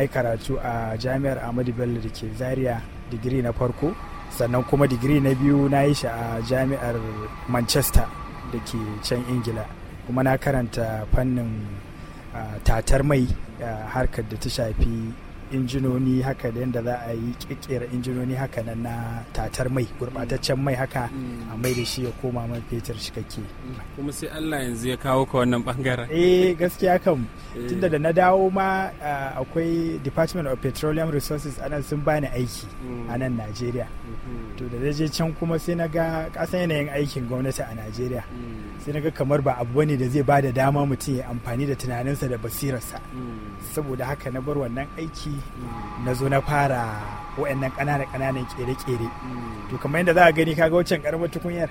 ai karatu a jami'ar Ahmadu Bello da ke Zaria digiri na farko sannan kuma digiri na biyu na yi shi a jami'ar Manchester da ke can Ingila kuma na karanta fannin tatar mai harkar da ta shafi injinoni haka da yadda za a yi kikkira injinoni haka nan na tatar mai gurbataccen mai haka a mai da shi ya koma mai fetur shi kake kuma sai Allah yanzu ya kawo ka wannan bangaren eh gaskiya kam Eh. tunda da na dawo ma akwai department of petroleum resources ana sun bani aiki a nan mm. najeriya mm-hmm. to da zai je can kuma sai na ga kasan yanayin aikin gwamnati a najeriya mm. sai na ga kamar ba abu ne da zai ba da dama mutum ya amfani da tunaninsa da basirarsa mm. saboda haka na bar wannan aiki na zo na fara wa'annan ƙananan ƙananan ƙere-ƙere to kamar yadda za a gani kaga wancan karamar tukunyar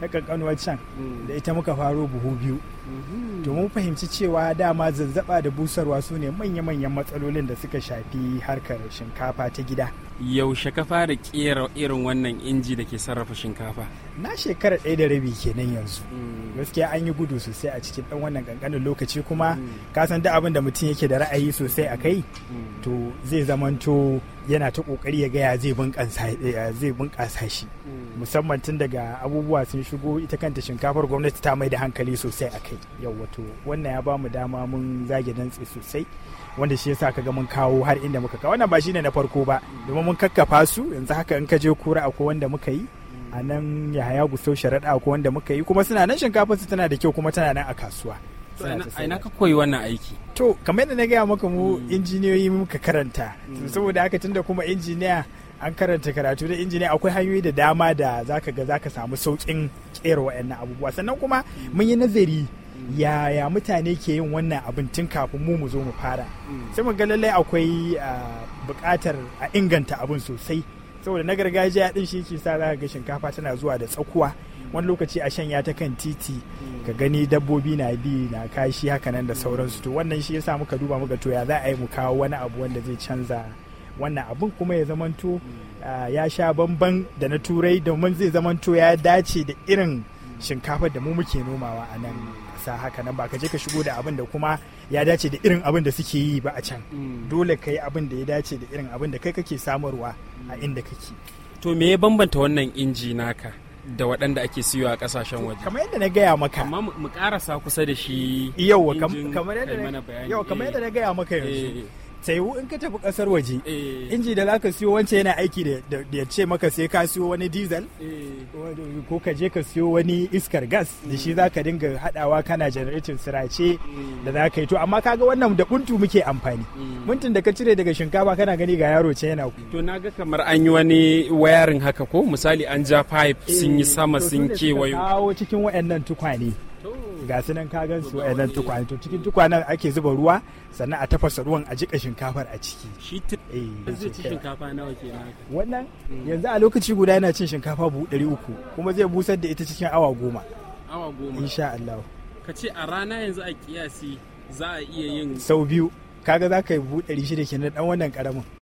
na kankanuwar can da ita muka faro buhu biyu Mhm. to mun fahimci cewa dama zanzaba da busarwa su ne manya-manyan matsalolin da suka shafi harkar shinkafa ta gida yaushe ka fara kera irin wannan inji da ke sarrafa shinkafa na shekarar ɗaya da rabi kenan yanzu mm. gaskiya an yi gudu sosai a cikin ɗan wannan ƙanƙanin lokaci kuma mm. ka san da abin da mutum yake da ra'ayi sosai a kai mm. to zai zamanto yana ta ƙoƙari ya gaya zai bunƙasa shi musamman tun daga abubuwa sun shigo ita kanta shinkafar gwamnati ta mai da hankali sosai a kai yau wato wannan ya bamu dama mun zage dantse sosai wanda shi yasa kaga mun kawo har inda muka kawo wannan ba ne na farko ba domin mun kakkafa su yanzu haka in ka je kura akwai wanda muka yi a nan yahaya gusau sharaɗa akwai wanda muka yi kuma suna nan shinkafa su tana da kyau kuma tana nan a kasuwa a ina ka koyi wannan aiki to kamar yadda na gaya maka mu hmm. injiniyoyi muka karanta hmm. saboda haka tunda kuma injiniya an karanta karatu da injiniya akwai hanyoyi da dama da zaka ga zaka samu saukin kera waɗannan abubuwa sannan kuma hmm. mun yi nazari yaya mutane ke yin wannan abin tun kafin mu mu zo mu fara sai mu ga lallai akwai ah, buƙatar a inganta abin sosai saboda na gargajiya din shi yake sa za ga shinkafa tana zuwa da tsakuwa wani lokaci a shanya ta kan titi ka gani dabbobi na bi na kashi hakanan da sauransu to wannan shi yasa muka duba muka to ya za a yi mu kawo wani abu wanda zai canza wannan abun kuma ya zamanto ah, ya sha bamban da na turai domin zai zamanto ya dace da irin shinkafa da mu muke nomawa a nan sa haka nan ba ka je ka shigo da abin da kuma ya dace da irin abin da suke yi ba a can mm. dole ka yi abin da ya dace da irin abin da kai kake samarwa a inda kake to me ya bambanta wannan inji naka da waɗanda ake siyo a ƙasashen waje kamar yadda na gaya maka amma mu ƙarasa kusa da shi Yau kamar yadda na gaya maka eh, yanzu eh, eh. sayo in ka tafi kasar waje eh. inji da zaka siyo wance yana aiki da ya ce maka sai ka siyo wani diesel eh. ko ka je ka siyo wani iskar gas da shi zaka dinga hadawa kana janaretin sirace mm. da zaka yi to amma kaga wannan da buntu muke amfani mm. muntun da ka cire daga shinkafa kana gani ga yaro ce yana ku to naga kamar an yi wani wayarin haka ko misali an ja pipe sun yi eh, sama sun kewayo kawo cikin wayannan tukwane ga su nan ka gan su wa'annan tukwane to cikin tukwanen ake zuba ruwa sannan a tafasa ruwan a jika shinkafar a ciki shi eh, zai ci shinkafa nawa kenan wannan mm. yanzu a lokaci guda yana cin shinkafa buhu ɗari uku kuma zai busar da ita cikin awa goma awa goma insha Allah ka ce a rana yanzu a kiyasi za a iya yin sau biyu kaga za ka yi buhu ɗari shida kenan dan wannan karamin